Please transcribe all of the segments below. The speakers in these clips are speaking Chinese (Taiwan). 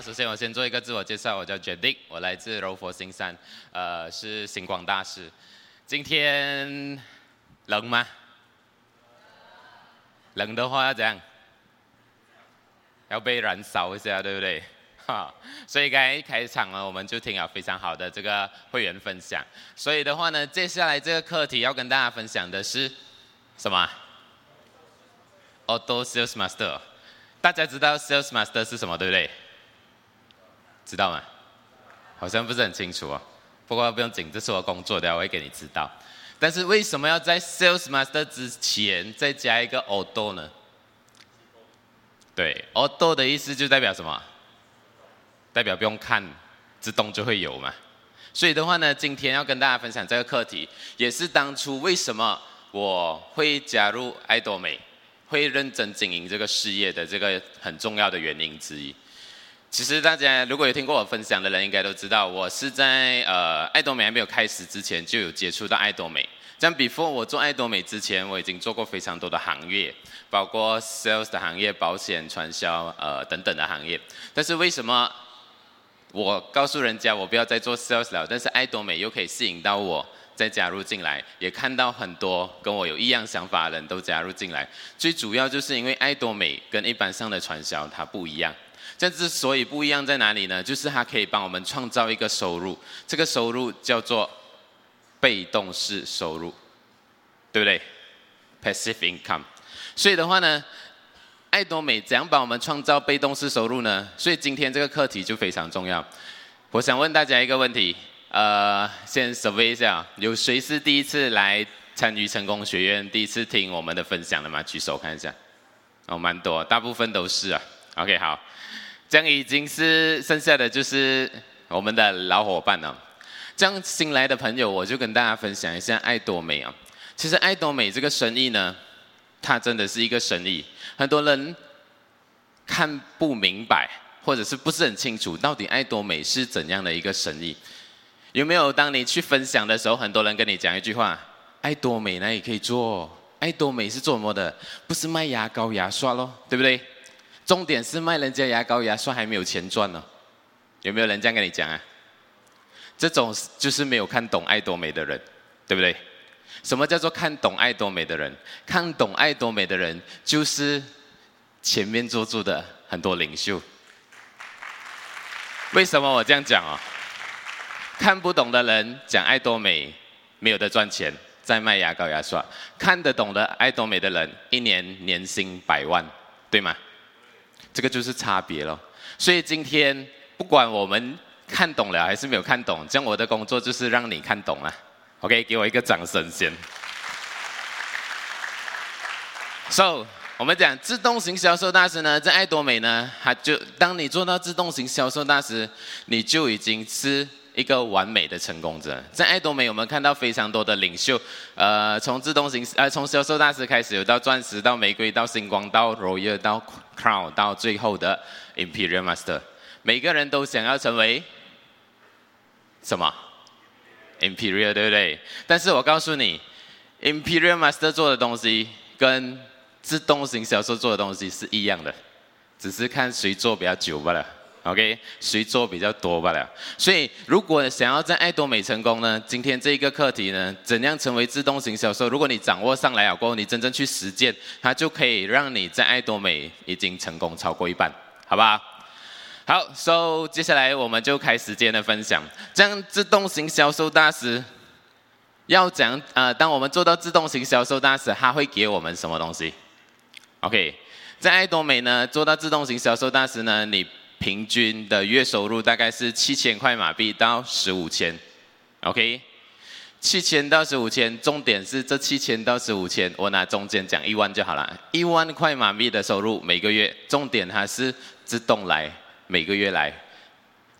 首先，我先做一個自我介紹，我叫 Jadick，我來自柔佛新山，呃，是星光大師。今天冷嗎？冷的話要怎樣，要被燃燒一下，對不對？哈，所以剛才一開場呢，我們就聽了非常好的這個會員分享。所以的話呢，接下來這個課題要跟大家分享的是什麼？Auto Sales Master，大家知道 Sales Master 是什麼，對不對？知道嗎？好像不是很清楚哦。不過不用緊，這是我工作的，我會給你知道。但是為什麼要在 Sales Master 之前再加一個 auto 呢？對 auto 的意思就代表什麼？代表不用看，自動就會有嘛。所以的話呢，今天要跟大家分享這個課題，也是當初為什麼我會加入艾多美，會認真經營這個事業的這個很重要的原因之一。其實大家如果有聽過我分享的人，應該都知道我是在呃，愛多美還沒有開始之前就有接觸到愛多美。像 before 我做愛多美之前，我已經做過非常多的行業，包括 sales 的行業、保險、傳銷呃、等等的行業。但是為什麼我告訴人家我不要再做 sales 了？但是愛多美又可以吸引到我再加入進來，也看到很多跟我有一樣想法的人都加入進來。最主要就是因為愛多美跟一般上的傳銷它不一樣。這之所以不一樣在哪裡呢？就是它可以幫我們創造一個收入，這個收入叫做被動式收入，對不對？Passive income。所以的話呢，艾多美怎樣幫我們創造被動式收入呢？所以今天這個課題就非常重要。我想問大家一個問題，呃，先 survey 一下，有誰是第一次來參與成功學院，第一次聽我們的分享的嗎？舉手看一下。哦，蠻多，大部分都是啊。OK，好。這樣已經是剩下的就是我們的老夥伴了。這樣新來的朋友，我就跟大家分享一下艾多美啊。其實艾多美這個生意呢，它真的是一個生意，很多人看不明白，或者是不是很清楚到底艾多美是怎樣的一個生意？有沒有？當你去分享的時候，很多人跟你講一句話：“艾多美呢也可以做，艾多美是做什麼的？不是賣牙膏牙刷咯，對不對？”重點是賣人家牙膏牙刷還沒有錢賺呢、哦，有沒有人這樣跟你講啊？這種就是沒有看懂艾多美的人，對不對？什麼叫做看懂艾多美的人？看懂艾多美的人就是前面坐著的很多領袖。為什麼我這樣講啊、哦？看不懂的人講艾多美沒有得賺錢，在賣牙膏牙刷；看得懂的艾多美的人，一年年薪百萬，對嗎？這個就是差別了，所以今天不管我們看懂了還是沒有看懂，這樣我的工作就是讓你看懂了。OK，給我一個掌聲先。So，我們講自動型銷售大師呢，在愛多美呢，他就當你做到自動型銷售大師，你就已經是。一個完美的成功者，在愛多美，我們看到非常多的領袖，呃，從自動型，呃，從銷售大師開始，有到鑽石，到玫瑰，到星光，到 Royal，到 Crown，到最後的 Imperial Master，每個人都想要成為什麼 Imperial.？Imperial，對不對？但是我告訴你，Imperial Master 做的東西跟自動型銷售做的東西是一樣的，只是看誰做比較久罷了。OK，誰做比較多罷了。所以如果想要在愛多美成功呢？今天這一個課題呢，怎樣成為自動型銷售？如果你掌握上來了，過後你真正去實踐，它就可以讓你在愛多美已經成功超過一半，好不好？好，So 接下來我們就開始今天的分享。這樣自動型銷售大師要講啊、呃，當我們做到自動型銷售大師，他會給我們什麼東西？OK，在愛多美呢，做到自動型銷售大師呢，你。平均的月收入大概是七千塊馬幣到十五千，OK，七千到十五千，重點是這七千到十五千，我拿中間講一萬就好了，一萬塊馬幣的收入每個月，重點它是自動來，每個月來。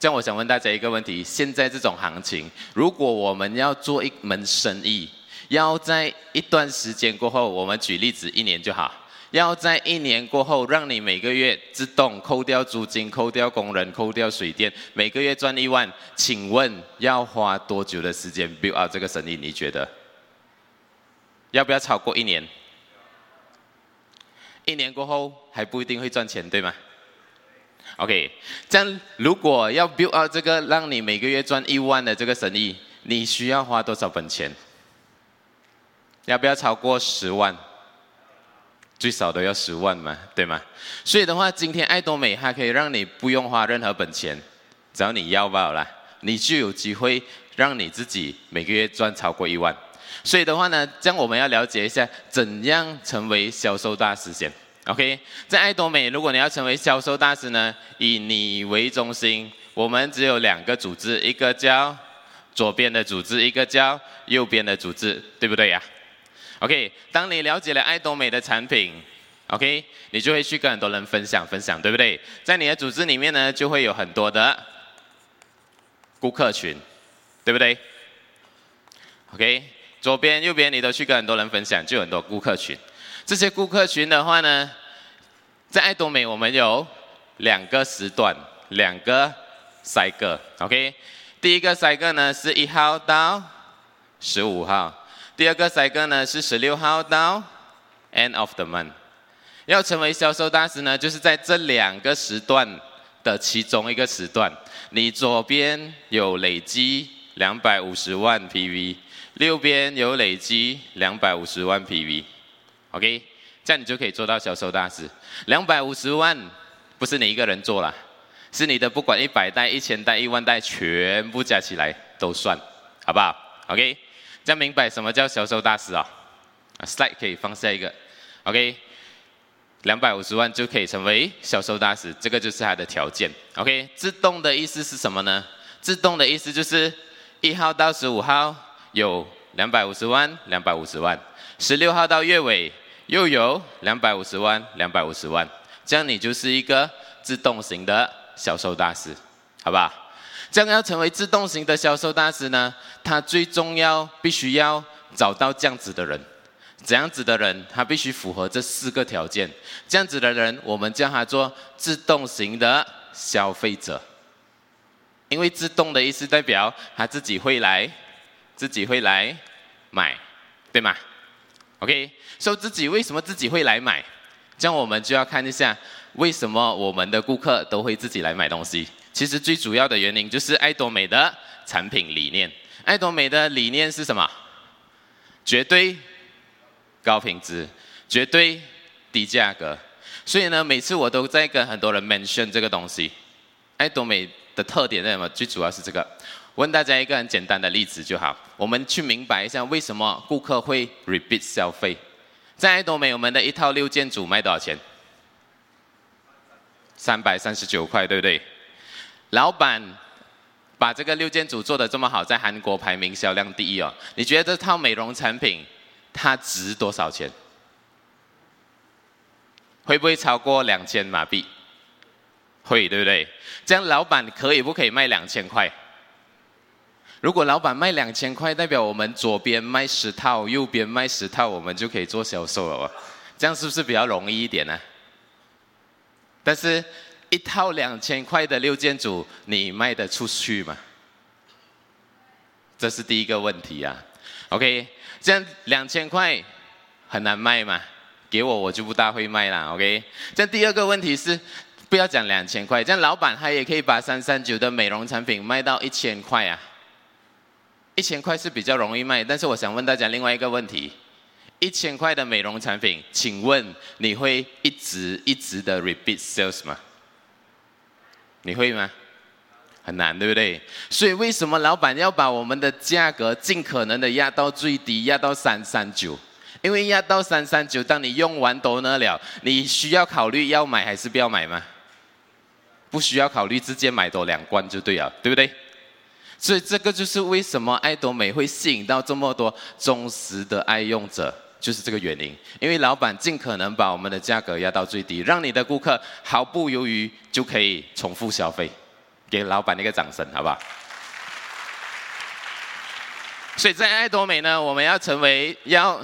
這樣我想問大家一個問題，現在這種行情，如果我們要做一門生意，要在一段時間過後，我們舉例子，一年就好。要在一年過後，讓你每個月自動扣掉租金、扣掉工人、扣掉水電，每個月賺一萬，請問要花多久的時間 build out 這個生意？你覺得要不要超過一年？一年過後還不一定會賺錢，對嗎？OK，這樣，如果要 build out 這個讓你每個月賺一萬的這個生意，你需要花多少本錢？要不要超過十萬？最少都要十萬嘛，對嗎？所以的話，今天愛多美它可以讓你不用花任何本錢，只要你要罷了，你就有機會讓你自己每個月賺超過一萬。所以的話呢，這樣我們要了解一下怎樣成為銷售大師先，OK？在愛多美，如果你要成為銷售大師呢，以你為中心，我們只有兩個組織，一個叫左邊的組織，一個叫右邊的組織，對不對呀、啊？OK，當你了解了愛多美的產品，OK，你就會去跟很多人分享分享，對不對？在你的組織裡面呢，就會有很多的顧客群，對不對？OK，左邊右邊你都去跟很多人分享，就有很多顧客群。這些顧客群的話呢，在愛多美我們有兩個時段，兩個 cycle，OK。第一個 cycle 呢是一號到十五號。第二個賽段呢是十六號到 end of the month。要成為銷售大師呢，就是在這兩個時段的其中一個時段，你左邊有累積兩百五十萬 PV，右邊有累積兩百五十萬 PV，OK，、okay? 這樣你就可以做到銷售大師。兩百五十萬不是你一個人做了，是你的不管一百代、一千代、一萬代，全部加起來都算，好不好？OK。要明白什麼叫銷售大師啊、A、？Slide 可以放下一個，OK？兩百五十萬就可以成為銷售大師，這個就是它的條件。OK？自動的意思是什麼呢？自動的意思就是一號到十五號有兩百五十萬，兩百五十萬；十六號到月尾又有兩百五十萬，兩百五十萬。這樣你就是一個自動型的銷售大師，好吧？將要成為自動型的銷售大師呢，他最重要必須要找到這樣子的人，這樣子的人，他必須符合這四個條件。這樣子的人，我們叫他做自動型的消費者。因為自動的意思代表他自己會來，自己會來買，對嗎？OK，so 自己為什麼自己會來買？這樣我們就要看一下，為什麼我們的顧客都會自己來買東西？其實最主要的原因就是愛多美的產品理念。愛多美的理念是什麼？絕對高品質，絕對低價格。所以呢，每次我都在跟很多人 mention 這個東西。愛多美的特點是什麼？最主要是這個。問大家一個很簡單的例子就好，我們去明白一下為什麼顧客會 repeat 消費。在愛多美，我們的一套六件組賣多少錢？三百三十九塊，對不對？老闆把這個六件組做得這麼好，在韓國排名銷量第一哦。你覺得這套美容產品它值多少錢？會不會超過兩千馬幣？會，對不對？這樣老闆可以不可以賣兩千塊？如果老闆賣兩千塊，代表我們左邊賣十套，右邊賣十套，我們就可以做銷售了，這樣是不是比較容易一點呢啊？但是，一套兩千塊的六件組，你賣得出去嗎？這是第一個問題啊。OK，這樣兩千塊很難賣嘛？給我我就不大會賣啦。OK，這樣第二個問題是，不要講兩千塊，這樣老闆他也可以把三三九的美容產品賣到一千塊啊。一千塊是比較容易賣，但是我想問大家另外一個問題：一千塊的美容產品，請問你會一直一直的 repeat sales 嗎？你會嗎？很難，對不對？所以為什麼老闆要把我們的價格盡可能的壓到最低，壓到三三九？因為壓到三三九，當你用完多那了，你需要考慮要買還是不要買嗎？不需要考慮，直接買多兩罐就對了，對不對？所以這個就是為什麼艾多美會吸引到這麼多忠實的愛用者，就是這個原因。因為老板盡可能把我們的價格壓到最低，讓你的顧客毫不猶豫就可以重複消費。給老板一個掌聲，好不好？所以在艾多美呢，我們要成為要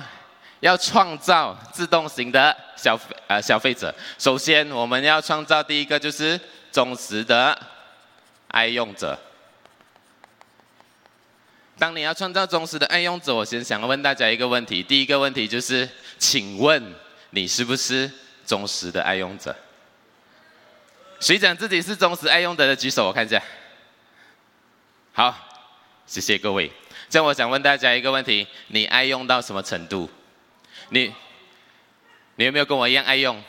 要創造自動型的消費呃消費者。首先，我們要創造第一個就是忠實的愛用者。當你要創造忠實的愛用者，我先想問大家一個問題。第一個問題就是，請問你是不是忠實的愛用者？誰講自己是忠實愛用者的舉手，我看一下。好，謝謝各位。這樣我想問大家一個問題：你愛用到什麼程度？你，你有沒有跟我一樣愛用？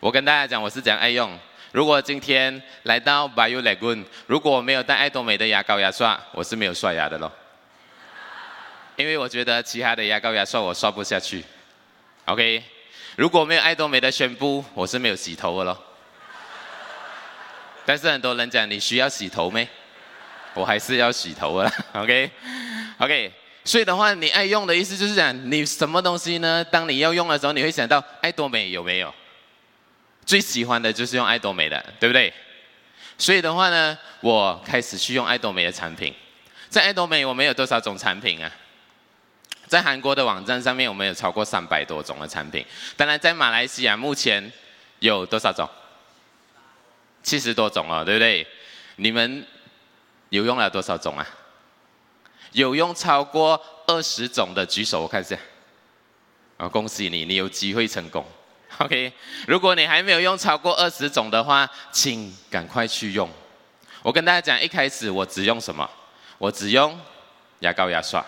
我跟大家講，我是怎樣愛用。如果今天來到 Bayou Lagoon，如果我沒有帶艾多美的牙膏牙刷，我是沒有刷牙的嘍。因為我覺得其他的牙膏牙刷我刷不下去。OK，如果沒有艾多美的宣布，我是沒有洗頭的嘍。但是很多人講，你需要洗頭沒？我還是要洗頭啊。OK，OK，okay? Okay. 所以的話，你愛用的意思就是講你什麼東西呢？當你要用的時候，你會想到艾多美有沒有？最喜歡的就是用艾多美的，對不對？所以的話呢，我開始去用艾多美的產品。在艾多美，我們有多少種產品啊？在韓國的網站上面，我們有超過三百多種的產品。當然，在馬來西亞目前有多少種？七十多種哦，對不對？你們有用了多少種啊？有用超過二十種的舉手，我看一下。啊、哦，恭喜你，你有機會成功。OK，如果你還沒有用超過二十種的話，請趕快去用。我跟大家講，一開始我只用什麼？我只用牙膏牙刷，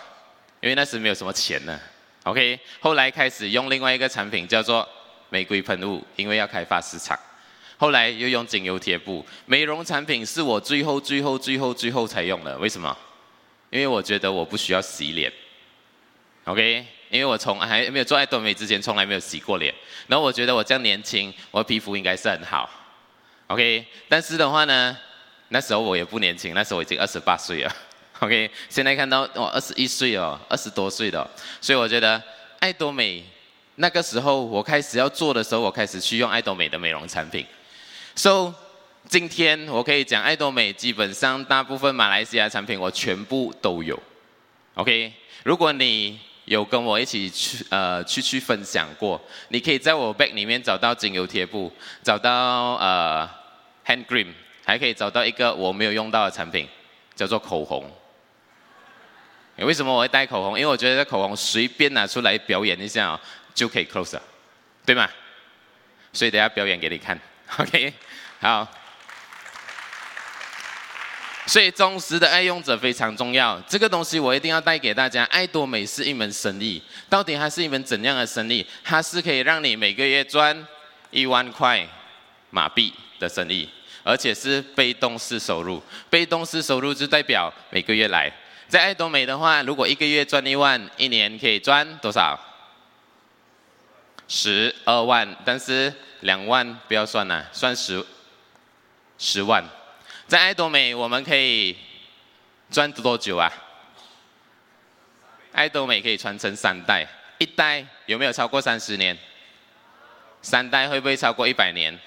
因為那時沒有什麼錢呢。OK，後來開始用另外一個產品叫做玫瑰噴霧，因為要開發市場。後來又用精油貼布，美容產品是我最後，最後最後最後最後才用的。為什麼？因為我覺得我不需要洗臉。OK。因為我從還沒有做愛多美之前，從來沒有洗過臉。然後我覺得我這樣年輕，我的皮膚應該是很好。OK，但是的話呢，那時候我也不年輕，那時候我已經二十八歲了。OK，現在看到我二十一歲哦，二十多歲了。所以我覺得愛多美那個時候我開始要做的時候，我開始去用愛多美的美容產品。So，今天我可以講愛多美基本上大部分馬來西亞產品我全部都有。OK，如果你有跟我一起去呃去去分享過，你可以在我 bag 裡面找到精油貼布，找到呃 hand cream，還可以找到一個我沒有用到的產品，叫做口紅。為什麼我會帶口紅？因為我覺得口紅隨便拿出來表演一下哦，就可以 close 了，對嗎？所以等下表演給你看，OK？好。所以忠實的愛用者非常重要，這個東西我一定要帶給大家。愛多美是一門生意，到底它是一門怎樣的生意？它是可以讓你每個月賺一萬塊馬幣的生意，而且是被動式收入。被動式收入就代表每個月來。在愛多美的話，如果一個月賺一萬，一年可以賺多少？十二萬，但是兩萬不要算了，算十十萬。在愛多美，我們可以賺多久啊？愛多美可以傳承三代，一代有沒有超過三十年？三代會不會超過一百年？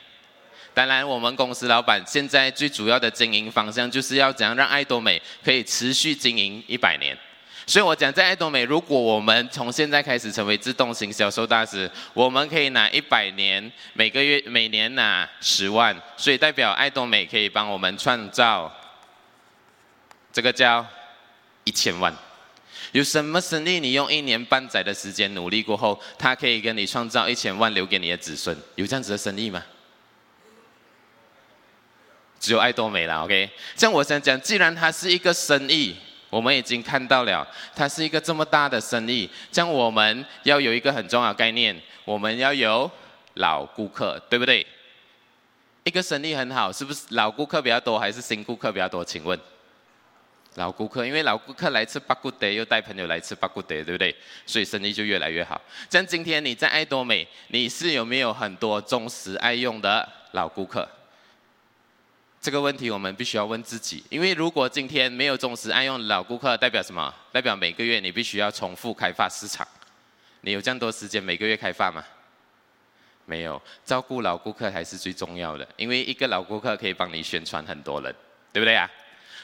當然，我們公司老闆現在最主要的經營方向就是要怎樣讓愛多美可以持續經營一百年。所以我講，在愛多美，如果我們從現在開始成為自動型銷售大師，我們可以拿一百年每個月、每年拿十萬，所以代表愛多美可以幫我們創造這個叫一千萬。有什麼生意？你用一年半載的時間努力過後，他可以跟你創造一千萬留給你的子孫？有這樣子的生意嗎？只有愛多美了，OK。像我想講，既然它是一個生意。我們已經看到了，它是一個這麼大的生意。像我們要有一個很重要的概念，我們要有老顧客，對不對？一個生意很好，是不是老顧客比較多，還是新顧客比較多？請問，老顧客，因為老顧客來吃八谷德，又帶朋友來吃八谷德，對不對？所以生意就越來越好。像今天你在愛多美，你是有沒有很多忠實愛用的老顧客？這個問題我們必須要問自己，因為如果今天沒有忠實愛用老顧客，代表什麼？代表每個月你必須要重複開發市場，你有這麼多時間每個月開發嗎？沒有。照顧老顧客還是最重要的，因為一個老顧客可以幫你宣傳很多人，對不對呀？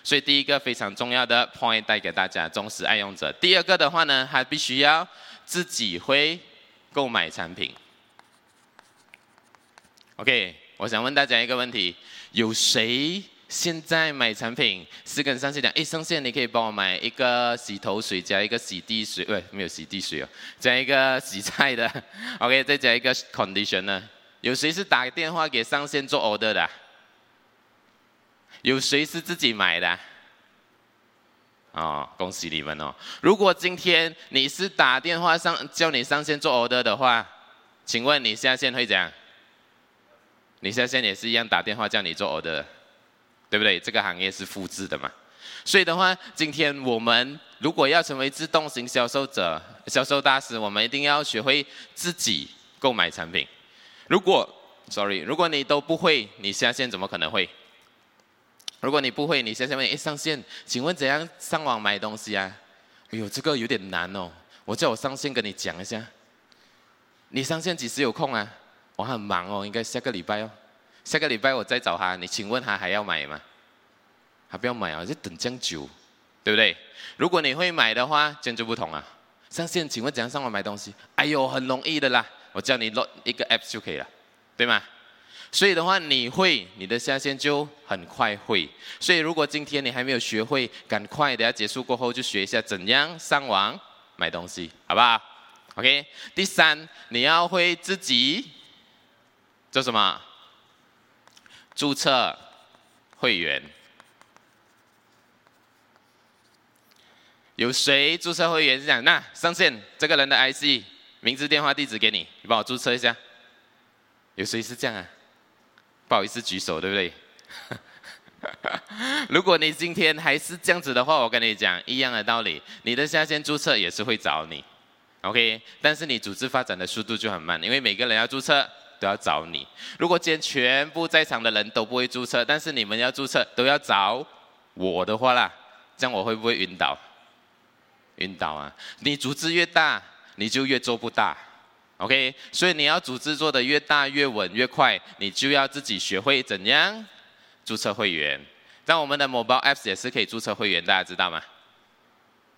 所以第一個非常重要的 point 帶給大家，忠實愛用者。第二個的話呢，還必須要自己會購買產品。OK，我想問大家一個問題。有誰現在買產品是跟上線講？誒，上線你可以幫我買一個洗頭水加一個洗地水，喂沒有洗地水哦，加一個洗菜的。OK，再加一個 conditioner 呢？有誰是打電話給上線做 order 的、啊？有誰是自己買的、啊？哦，恭喜你們哦！如果今天你是打電話上叫你上線做 order 的話，請問你下線會怎樣？你下線也是一樣，打電話叫你做 order，對不對？這個行業是複製的嘛，所以的話，今天我們如果要成為自動型銷售者、銷售大師，我們一定要學會自己購買產品。如果，sorry，如果你都不會，你下線怎麼可能會？如果你不會，你下線問，哎，上線，請問怎樣上網買東西啊？哎呦，這個有點難哦，我叫我上線跟你講一下。你上線幾時有空啊？我很忙哦，應該下個禮拜哦。下個禮拜我再找他。你請問他還要買嗎？他不要買啊，我就等這樣久，對不對？如果你會買的話，這樣就不同啊！上線，請問怎樣上網買東西？哎喲，很容易的啦，我教你落一個 app 就可以了，對嗎？所以的話，你會，你的下線就很快會。所以，如果今天你還沒有學會，趕快等下結束過後就學一下怎樣上網買東西，好不好？OK。第三，你要會自己。叫什麼？注冊會員？有誰注冊會員是這樣？那上線這個人的 IC、名字、電話、地址給你，你幫我注冊一下。有誰是這樣啊？不好意思，舉手對不對？ 如果你今天還是這樣子的話，我跟你講一樣的道理，你的下線注冊也是會找你，OK？但是你組織發展的速度就很慢，因為每個人要注冊。都要找你。如果今天全部在場的人都不會註冊，但是你們要註冊，都要找我的話啦，這樣我會不會暈倒？暈倒啊！你組織越大，你就越做不大。OK，所以你要組織做得越大、越穩、越快，你就要自己學會怎樣註冊會員。在我們的 Mobile Apps 也是可以註冊會員，大家知道嗎？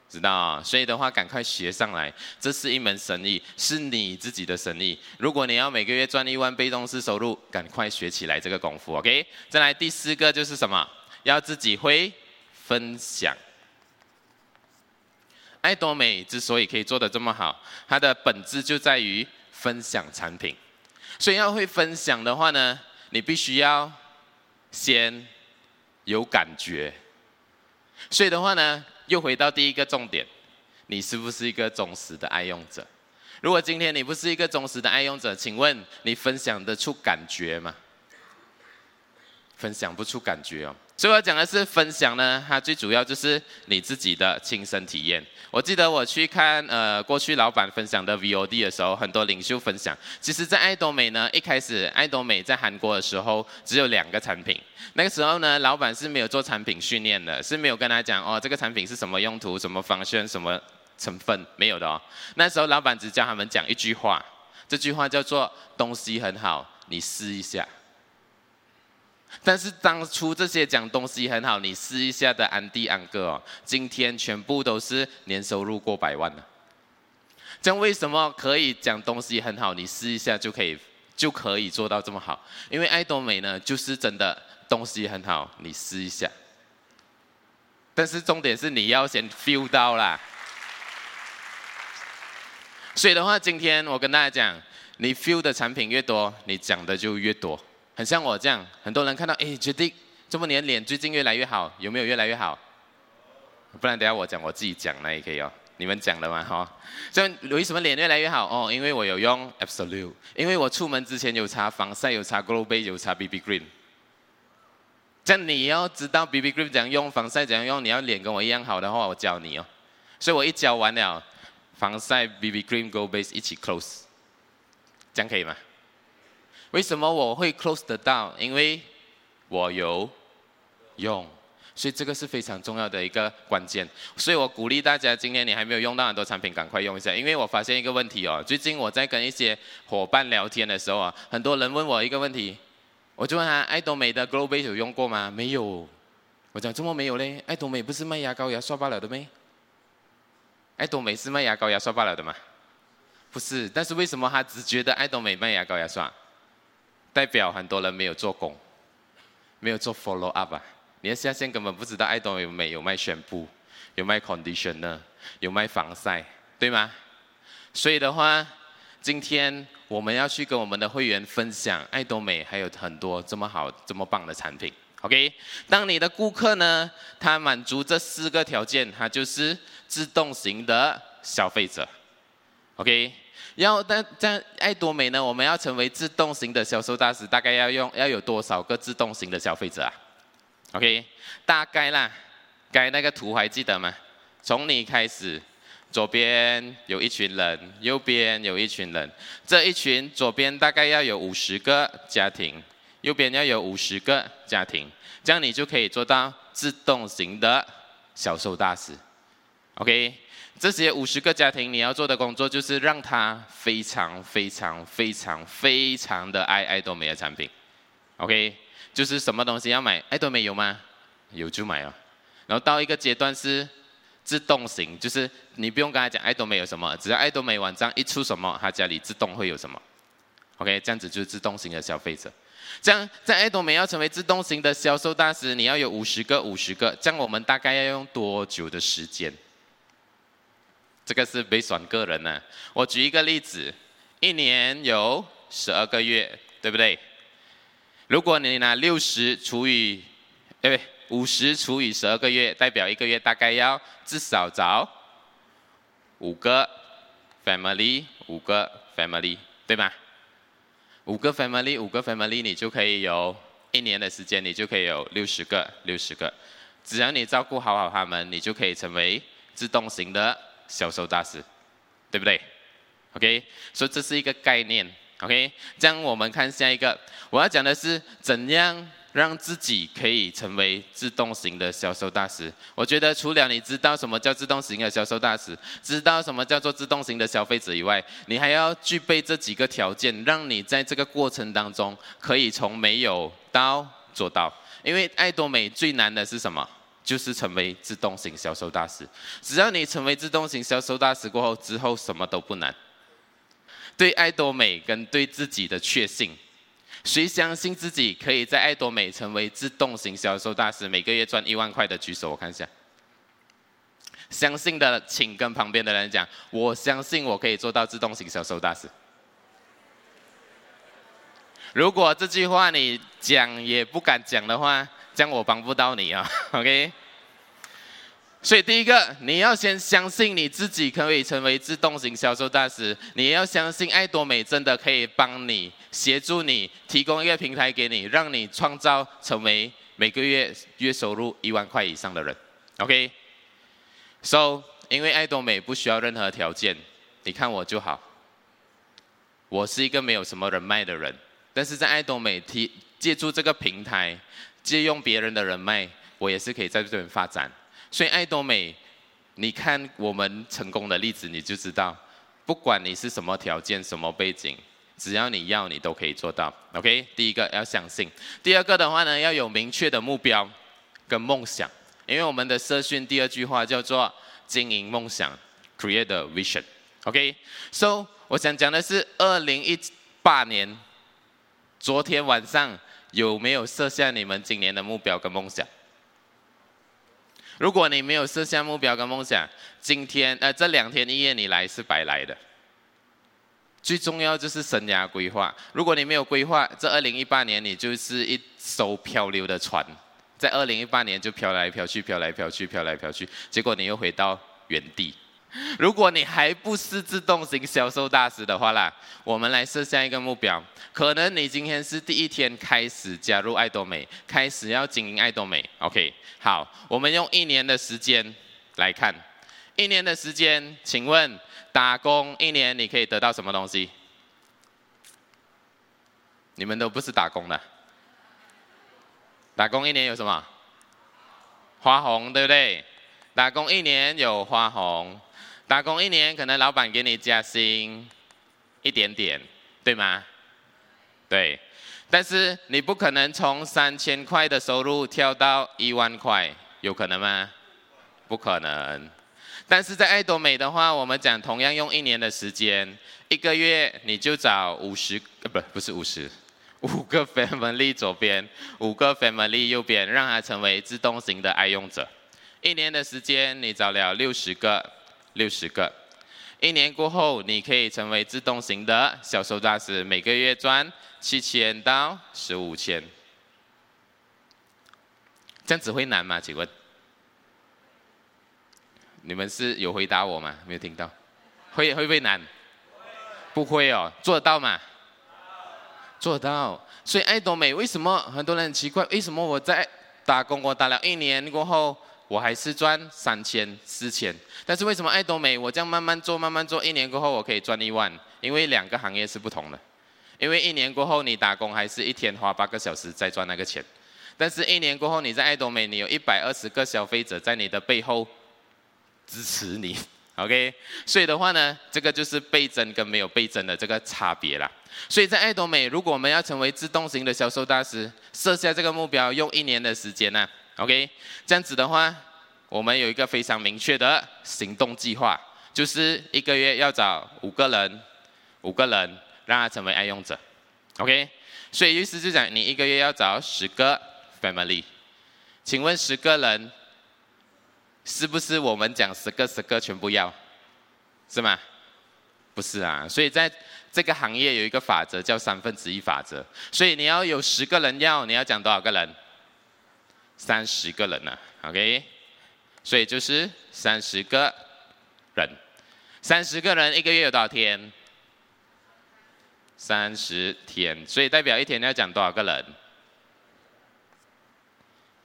知道，所以的話，趕快學上來。這是一門生意，是你自己的生意。如果你要每個月賺一萬被動式收入，趕快學起來這個功夫。OK，再來第四個就是什麼？要自己會分享。愛多美之所以可以做的這麼好，它的本質就在於分享產品。所以要會分享的話呢，你必須要先有感覺。所以的話呢？又回到第一個重點，你是不是一個忠實的愛用者？如果今天你不是一個忠實的愛用者，請問你分享得出感覺嗎？分享不出感覺哦。所以，我講的是分享呢，它最主要就是你自己的親身體驗。我記得我去看呃，過去老闆分享的 VOD 的時候，很多領袖分享。其實，在愛多美呢，一開始愛多美在韓國的時候只有兩個產品。那個時候呢，老闆是沒有做產品訓練的，是沒有跟他講哦，這個產品是什麼用途、什麼防眩，什麼成分，沒有的哦。那時候老闆只教他們講一句話，這句話叫做“東西很好，你試一下”。但是當初這些講東西很好，你試一下的安迪安哥哦，今天全部都是年收入過百萬的。這樣為什麼可以講東西很好，你試一下就可以，就可以做到這麼好？因為艾多美呢，就是真的東西很好，你試一下。但是重點是你要先 feel 到啦。所以的話，今天我跟大家講，你 feel 的產品越多，你講的就越多。很像我這樣，很多人看到，哎、欸，Jadick 怎麼你的臉最近越來越好，有沒有越來越好？不然等下我講，我自己講那也可以哦。你們講了嗎？哈、哦，這為什麼臉越來越好？哦，因為我有用 Absolute，因為我出門之前有擦防曬，有擦 Glow Base，有擦 BB Cream。這樣你要、哦、知道 BB Cream 怎樣用，防曬怎樣用，你要臉跟我一樣好的話，我教你哦。所以我一教完了，防曬、BB Cream、Glow Base 一起 close，這樣可以嗎？為什麼我會 close 得到？因為，我有用，所以這個是非常重要的一個關鍵。所以我鼓勵大家，今天你還沒有用到很多產品，趕快用一下。因為我發現一個問題哦，最近我在跟一些夥伴聊天的時候啊，很多人問我一個問題，我就問他：艾多美的 Glow Baby 有用過嗎？沒有。我講這麼沒有嘞？艾多美不是賣牙膏、牙刷罷了的咩？艾多美是賣牙膏、牙刷罷了的嗎？不是。但是為什麼他只覺得艾多美賣牙膏、牙刷？代表很多人沒有做工，沒有做 follow up 啊！你的下線根本不知道愛多美有賣 shampoo，有賣 conditioner，有賣防曬，對嗎？所以的話，今天我們要去跟我們的會員分享愛多美還有很多這麼好、這麼棒的產品。OK，當你的顧客呢，他滿足這四個條件，他就是自動型的消費者。OK。要，但在艾多美呢，我們要成為自動型的銷售大師，大概要用要有多少個自動型的消費者啊？OK，大概啦，該那個圖還記得嗎？從你開始，左邊有一群人，右邊有一群人，這一群左邊大概要有五十個家庭，右邊要有五十個家庭，這樣你就可以做到自動型的銷售大師，OK。這些五十個家庭，你要做的工作就是讓他非常、非常、非常、非常的愛艾多美的產品，OK，就是什麼東西要買艾多美有嗎？有就買哦。然後到一個階段是自動型，就是你不用跟他講艾多美有什麼，只要艾多美網站一出什麼，他家裡自動會有什麼，OK，這樣子就是自動型的消費者。這樣在艾多美要成為自動型的銷售大師，你要有五十個、五十個，這樣我們大概要用多久的時間？這個是別算個人呢，啊。我舉一個例子，一年有十二個月，對不對？如果你拿六十除以，哎，不對，五十除以十二個月，代表一個月大概要至少找五個 family，五個 family，對嗎？五個 family，五個 family，你就可以有一年的時間，你就可以有六十個，六十個。只要你照顧好好他們，你就可以成為自動型的。銷售大師，對不對？OK，所以這是一個概念。OK，這樣我們看下一個。我要講的是，怎樣讓自己可以成為自動型的銷售大師。我覺得除了你知道什麼叫自動型的銷售大師，知道什麼叫做自動型的消費者以外，你還要具備這幾個條件，讓你在這個過程當中可以從沒有到做到。因為愛多美最難的是什麼？就是成為自動型銷售大師。只要你成為自動型銷售大師過後，之後什麼都不難。對愛多美跟對自己的確信，誰相信自己可以在愛多美成為自動型銷售大師，每個月賺一萬塊的舉手，我看一下。相信的，請跟旁邊的人講，我相信我可以做到自動型銷售大師。如果這句話你講也不敢講的話，這樣我幫不到你啊，OK？所以第一個，你要先相信你自己可以成為自動型銷售大師。你也要相信愛多美真的可以幫你協助你，提供一個平台給你，讓你創造成為每個月月收入一萬塊以上的人，OK？So，、okay? 因為愛多美不需要任何條件，你看我就好。我是一個沒有什麼人脈的人，但是在愛多美提借助這個平台。借用別人的人脈，我也是可以在這邊發展。所以愛多美，你看我們成功的例子，你就知道，不管你是什麼條件、什麼背景，只要你要，你都可以做到。OK，第一個要相信；第二個的話呢，要有明確的目標跟夢想。因為我們的社訓第二句話叫做“經營夢想，create the vision”。OK，So，okay? 我想講的是二零一八年昨天晚上。有沒有設下你們今年的目標跟夢想？如果你沒有設下目標跟夢想，今天呃，這兩天一夜你來是白來的。最重要就是生涯規劃，如果你沒有規劃，這二零一八年你就是一艘漂流的船，在二零一八年就漂來漂去，漂來漂去，漂來漂去，結果你又回到原地。如果你還不是自動型銷售大師的話啦，我們來設下一個目標。可能你今天是第一天開始加入愛多美，開始要經營愛多美。OK，好，我們用一年的時間來看，一年的時間，請問打工一年你可以得到什麼東西？你們都不是打工的，打工一年有什麼？花紅，對不對？打工一年有花紅，打工一年可能老闆給你加薪，一點點，對嗎？對，但是你不可能從三千塊的收入跳到一萬塊，有可能嗎？不可能。但是在艾多美的話，我們講同樣用一年的時間，一個月你就找五十，呃，不，不是五十，五個 family 左邊，五個 family 右邊，讓他成為自動型的愛用者。一年的時間，你找了六十個，六十個。一年過後，你可以成為自動型的銷售大師，每個月賺七千到十五千。這樣子會難嗎？請問，你們是有回答我嗎？沒有聽到，會會不會難？不會哦，做得到嗎？做得到。所以愛多美為什麼很多人很奇怪？為什麼我在打工，我打了一年過後？我還是賺三千四千，但是為什麼愛多美我這樣慢慢做慢慢做一年過後我可以賺一萬？因為兩個行業是不同的，因為一年過後你打工還是一天花八個小時在賺那個錢，但是一年過後你在愛多美，你有一百二十個消費者在你的背後支持你，OK？所以的話呢，這個就是倍增跟沒有倍增的這個差別啦。所以在愛多美，如果我們要成為自動型的銷售大師，設下這個目標，用一年的時間呢、啊？OK，這樣子的話，我們有一個非常明確的行動計劃，就是一個月要找五個人，五個人讓他成為愛用者。OK，所以意思就講，你一個月要找十個 Family。請問十個人是不是我們講十個十個全部要？是嗎？不是啊，所以在這個行業有一個法則叫三分之一法則。所以你要有十個人要，你要講多少個人？三十個人吶，OK，所以就是三十個人，三十個人一個月有多少天，三十天，所以代表一天要講多少個人？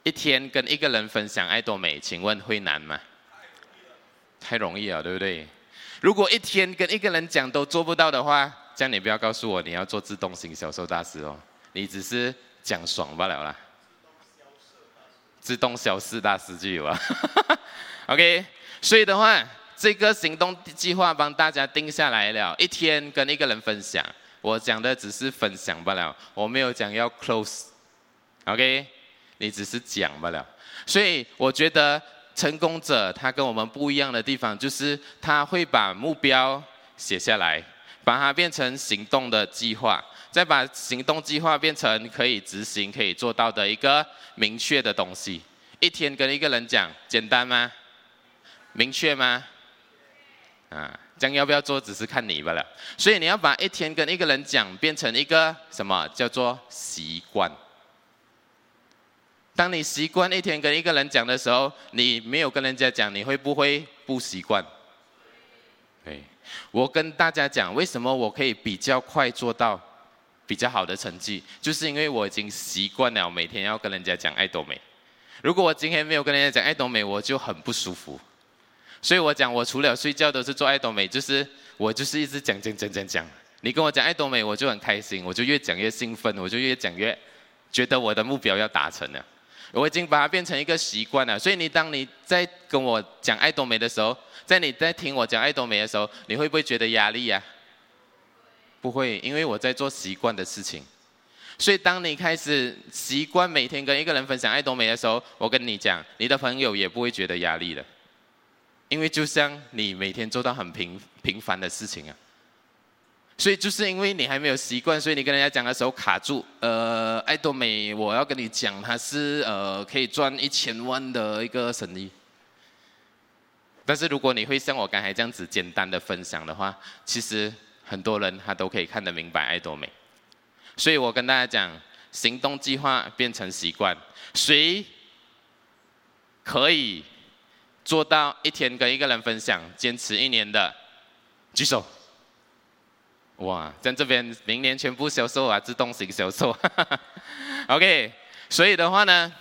一天跟一個人分享愛多美，請問會難嗎？太容易了，太容易了對不對？如果一天跟一個人講都做不到的話，這樣你不要告訴我你要做自動型銷售大師哦，你只是講爽罷了啦。自動消失大詩句哈 OK 所以的話，這個行動計劃幫大家定下來了。一天跟一個人分享，我講的只是分享罷了，我沒有講要 close，OK。Okay? 你只是講罷了。所以我覺得成功者他跟我們不一樣的地方，就是他會把目標寫下來，把它變成行動的計劃。再把行動計劃變成可以執行、可以做到的一個明確的東西。一天跟一個人講，簡單嗎？明確嗎？啊，這樣要不要做，只是看你罷了。所以你要把一天跟一個人講，變成一個什麼叫做習慣。當你習慣一天跟一個人講的時候，你沒有跟人家講，你會不會不習慣？哎，okay，我跟大家講，為什麼我可以比較快做到？比較好的成績，就是因為我已經習慣了每天要跟人家講愛多美。如果我今天沒有跟人家講愛多美，我就很不舒服。所以我講，我除了睡覺都是做愛多美，就是我就是一直講講講講講。你跟我講愛多美，我就很開心，我就越講越興奮，我就越講越覺得我的目標要達成了。我已經把它變成一個習慣了。所以你當你在跟我講愛多美的時候，在你在聽我講愛多美的時候，你會不會覺得壓力呀、啊？不會，因為我在做習慣的事情，所以當你開始習慣每天跟一個人分享艾多美的時候，我跟你講，你的朋友也不會覺得壓力了，因為就像你每天做到很平平凡的事情啊，所以就是因為你還沒有習慣，所以你跟人家講的時候卡住。呃，艾多美，我要跟你講，它是呃可以賺一千萬的一個生意，但是如果你會像我剛才這樣子簡單的分享的話，其實。很多人他都可以看得明白艾多美，所以我跟大家講，行動計劃變成習慣，誰可以做到一天跟一個人分享，堅持一年的，舉手。哇，在這邊明年全部銷售啊，自動型銷售，哈哈哈，OK。所以的話呢，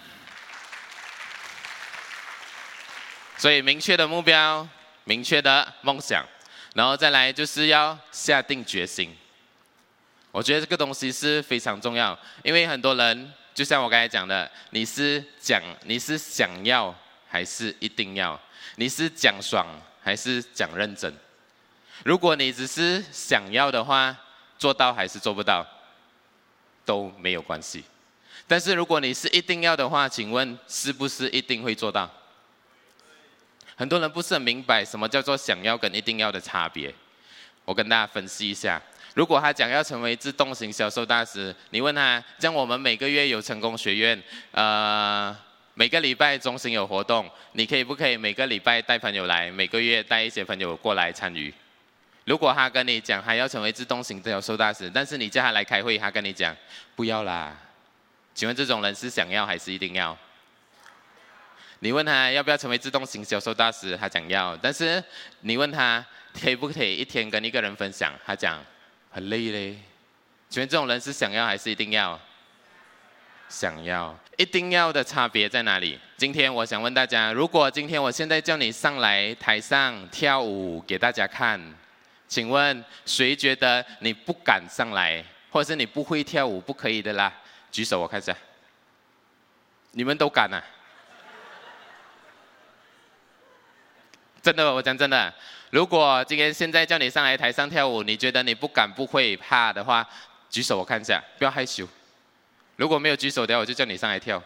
所以明確的目標，明確的夢想。然後再來就是要下定決心，我覺得這個東西是非常重要，因為很多人就像我剛才講的，你是講你是想要還是一定要，你是講爽還是講認真？如果你只是想要的話，做到還是做不到都沒有關係。但是如果你是一定要的話，請問是不是一定會做到？很多人不是很明白什麼叫做想要跟一定要的差別，我跟大家分析一下。如果他講要成為自動型銷售大師，你問他，像我們每個月有成功學院，呃，每個禮拜中心有活動，你可以不可以每個禮拜帶朋友來，每個月帶一些朋友過來參與？如果他跟你講還要成為自動型銷售大師，但是你叫他來開會，他跟你講不要啦，請問這種人是想要還是一定要？你問他要不要成為自動型銷售大師，他講要。但是你問他可以不可以一天跟一個人分享，他講很累嘞。請問這種人是想要還是一定要？想要、一定要的差別在哪裡？今天我想問大家，如果今天我現在叫你上來台上跳舞給大家看，請問誰覺得你不敢上來，或者是你不會跳舞不可以的啦？舉手我看一下，你們都敢啊？真的，我講真的，如果今天現在叫你上來台上跳舞，你覺得你不敢、不會、怕的話，舉手我看一下，不要害羞。如果沒有舉手的話，我就叫你上來跳。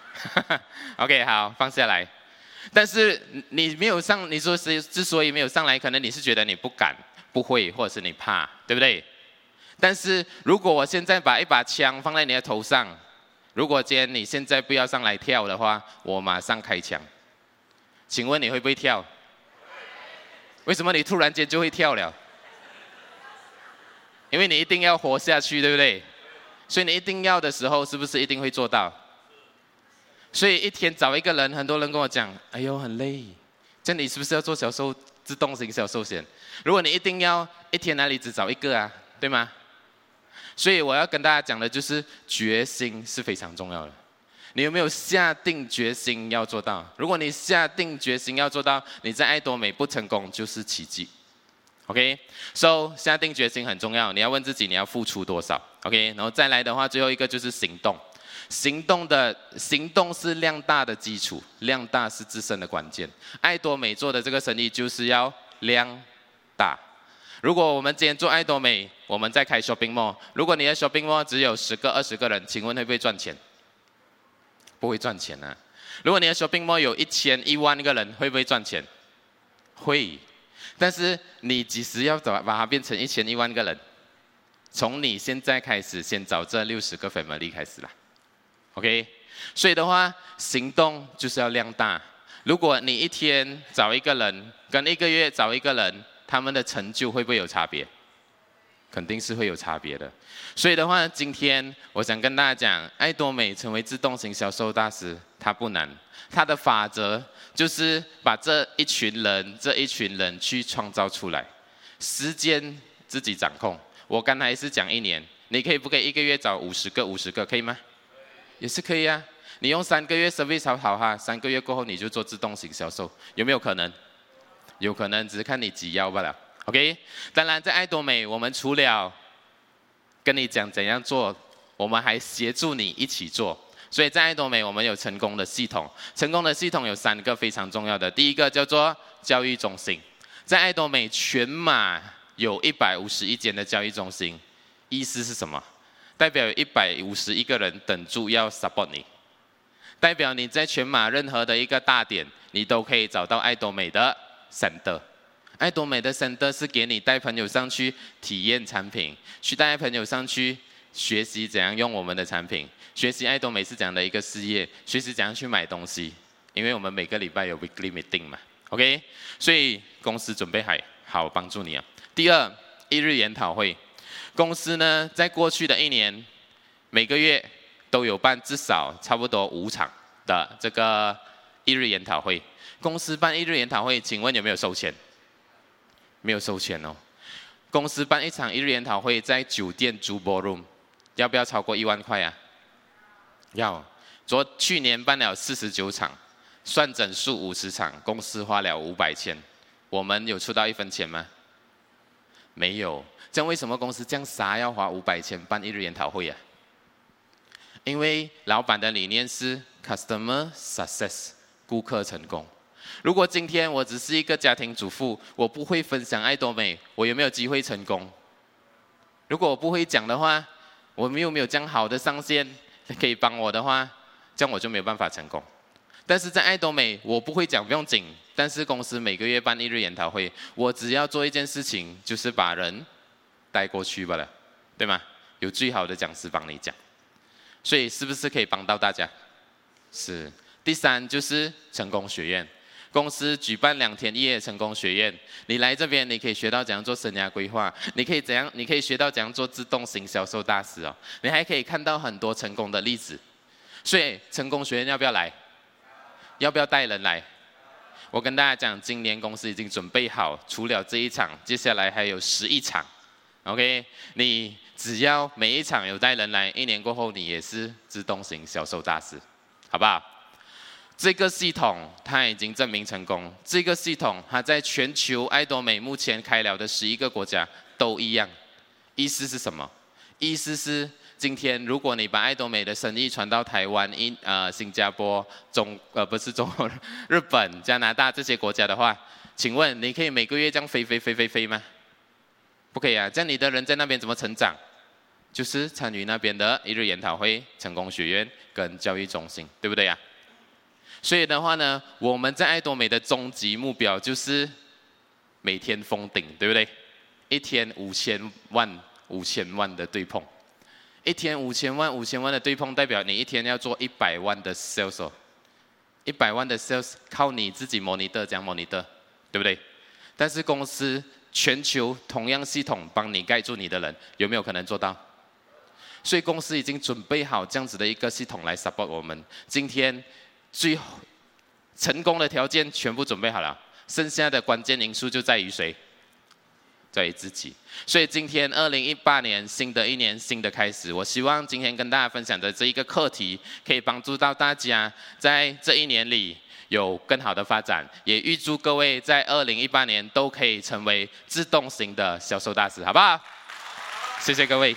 OK，好，放下來。但是你沒有上，你說是之所以沒有上來，可能你是覺得你不敢、不會，或者是你怕，對不對？但是如果我現在把一把槍放在你的頭上，如果今天你現在不要上來跳的話，我馬上開槍。請問你會不會跳？為什麼你突然間就會跳了？因為你一定要活下去，對不對？所以你一定要的時候，是不是一定會做到？所以一天找一個人，很多人跟我講，哎呦很累。這你是不是要做銷售？自動型銷售險。如果你一定要一天哪裡只找一個啊，對嗎？所以我要跟大家講的就是，決心是非常重要的。你有沒有下定決心要做到？如果你下定決心要做到，你在愛多美不成功就是奇蹟。OK，so 下定決心很重要。你要問自己，你要付出多少？OK，然後再來的話，最後一個就是行動。行動的行動是量大的基礎，量大是自身的關鍵。愛多美做的這個生意就是要量大。如果我們今天做愛多美，我們在開 shopping mall，如果你的 shopping mall 只有十個、二十個人，請問會不會賺錢？不會賺錢呢、啊。如果你的 shopping mall 有一千一萬個人，會不會賺錢？會。但是你幾時要怎麼把它變成一千一萬個人？從你現在開始，先找這六十個 family 開始啦。OK。所以的話，行動就是要量大。如果你一天找一個人，跟一個月找一個人，他們的成就會不會有差別？肯定是會有差別的，所以的話，今天我想跟大家講，艾多美成為自動型銷售大師，它不難，它的法則就是把這一群人，這一群人去創造出來，時間自己掌控。我剛才是講一年，你可以不可以一個月找五十個，五十個可以嗎？也是可以啊，你用三個月 service 好哈，三個月過後你就做自動型銷售，有沒有可能？有可能，只是看你幾腰罷了。OK，當然在愛多美，我們除了跟你講怎樣做，我們還協助你一起做。所以在愛多美，我們有成功的系統。成功的系統有三個非常重要的，第一個叫做交易中心。在愛多美，全馬有一百五十一間的交易中心，意思是什麼？代表有一百五十一個人等住要 support 你，代表你在全馬任何的一個大點，你都可以找到愛多美的 center。愛多美的 center 是給你帶朋友上去體驗產品，去帶朋友上去學習怎樣用我們的產品，學習愛多美是怎樣的一個事業，學習怎樣去買東西，因為我們每個禮拜有 weekly meeting 嘛，OK？所以公司準備還好幫助你啊。第二，一日研討會，公司呢在過去的一年，每個月都有辦至少差不多五場的這個一日研討會。公司辦一日研討會，請問有沒有收錢？沒有收錢哦，公司辦一場一日研討會在酒店租 ballroom，要不要超過一萬塊啊？要，昨去年辦了四十九場，算整數五十場，公司花了五百千，我們有出到一分錢嗎？沒有，這樣為什麼公司這樣傻要花五百千辦一日研討會啊？因為老板的理念是 customer success，顧客成功。如果今天我只是一個家庭主婦，我不會分享愛多美，我有沒有機會成功？如果我不會講的話，我們又沒有這樣好的上線可以幫我的話，這樣我就沒有辦法成功。但是在愛多美，我不會講，不用緊。但是公司每個月辦一日研討會，我只要做一件事情，就是把人帶過去罷了，對嗎？有最好的講師幫你講，所以是不是可以幫到大家？是。第三就是成功學院。公司舉辦兩天一夜成功學院，你來這邊你可以學到怎樣做生涯規劃，你可以怎樣，你可以學到怎樣做自動型銷售大師哦，你還可以看到很多成功的例子，所以成功學院要不要來？要不要帶人來？我跟大家講，今年公司已經準備好，除了這一場，接下來還有十一場，OK？你只要每一場有帶人來，一年過後你也是自動型銷售大師，好不好？這個系統它已經證明成功。這個系統它在全球艾多美目前開了的十一個國家都一樣。意思是什麼？意思是今天如果你把艾多美的生意傳到台灣、印呃，新加坡、中呃不是中國、日本、加拿大這些國家的話，請問你可以每個月這樣飛飛飛飛飛飛嗎？不可以啊！這樣你的人在那邊怎麼成長？就是參與那邊的一日研討會、成功學院跟教育中心，對不對呀？所以的話呢，我們在艾多美的終極目標就是每天封頂，對不對？一天五千萬、五千萬的對碰，一天五千萬、五千萬的對碰，代表你一天要做一百萬的 sales，一百萬的 sales 靠你自己 monitor 的，這樣 monitor 的，對不對？但是公司全球同樣系統幫你蓋住你的人，有沒有可能做到？所以公司已經準備好這樣子的一個系統來 support 我們，今天。最後，成功的條件全部準備好了，剩下的關鍵因素就在於誰，在於自己。所以，今天二零一八年新的一年新的開始，我希望今天跟大家分享的這一個課題，可以幫助到大家在這一年裡有更好的發展。也預祝各位在二零一八年都可以成為自動型的銷售大師，好不好？好。謝謝各位。